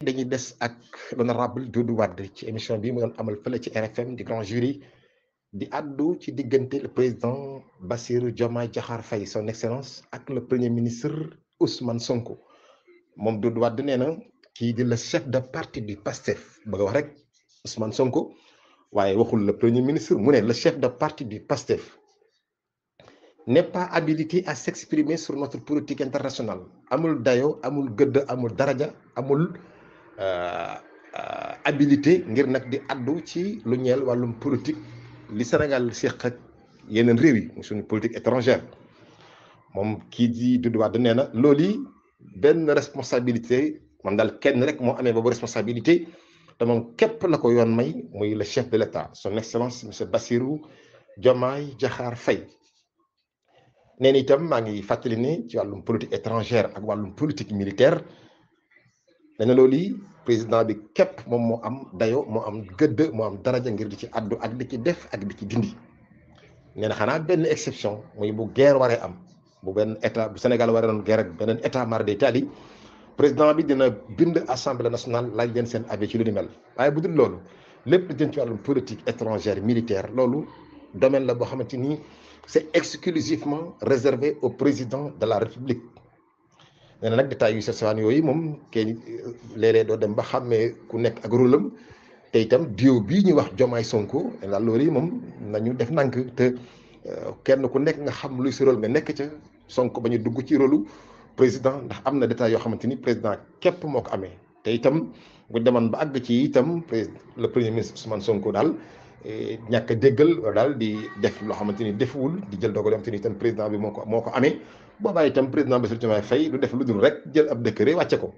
dañuy des ak l'honorable Doudou Wade ci émission bi mu doon amal fële ci RFM di grand jury di àddu ci diggante le président Bassirou Diomaye Diakhar Faye son excellence ak le premier ministre Ousmane Sonko moom Doudou Wade nee na kii di le chef de parti du PASTEF bëgg wax rek Ousmane Sonko waaye waxul la premier ministre mu ne le chef de parti du PASTEF n'est pas habilité à s'exprimer sur notre politique internationale amul dayo amul gëdd amul daraja amul Euh, euh, abilité ngir nag di addu ci lu ñeel wàllum politique li Sénégal séq ak yeneen réew yi suñu politique étrangère moom kii di Doudou Wade nee na loolu yi benn responsabilité man daal kenn rek moo amee boobu responsabilité te moom képp la ko yoon may muy le chef de l'État son excellence monsieur Bassirou Diomaye Diakhar Faye fay neen itam maa ngi fàttali ne ci wàllum politique étrangère ak wàllum politique militaire dañu loolu président bi képp moom moo am dayo moo am gëdd moo am daraja ngir di ci addo ak di ci def ak di ci dindi nee na xanaa benn exception muy bu guerre waree am bu benn état bu Sénégal waree doon guerre beneen état mar d'Italie président bi dina bind assemblée nationale laaj leen seen avis ci lu ni mel waaye bu dul loolu lépp lu jëm ci wàllum politique étrangère militaire loolu domaine la boo xamante ni c'est exclusivement réservé au président de la République nee nag détails yu safaan yooyu moom kenn euh, léeg doo dem ba xàmmee ku nekk ak rôlam te itam duo bii ñu wax Jomaay Sonko la loolu yi moom nañu def nànk te euh, kenn ku nekk nga xam luy si rôle nga nekk ca Sonko ba ñu dugg ci rôlu président ndax am na détails yoo xamante ni président képp moo ko amee tey itam bu deman ba àgg ci itam le premier ministre Ousmane Sonko daal Eh, ñàkk a déggal daal di def loo xamante ni defuwul di jël dogal yoo xamante ni itam président bi moo ko moo ko amee boobaa itam président Bassirou ma fay du def lu dul rek jël ab décret wàcce ko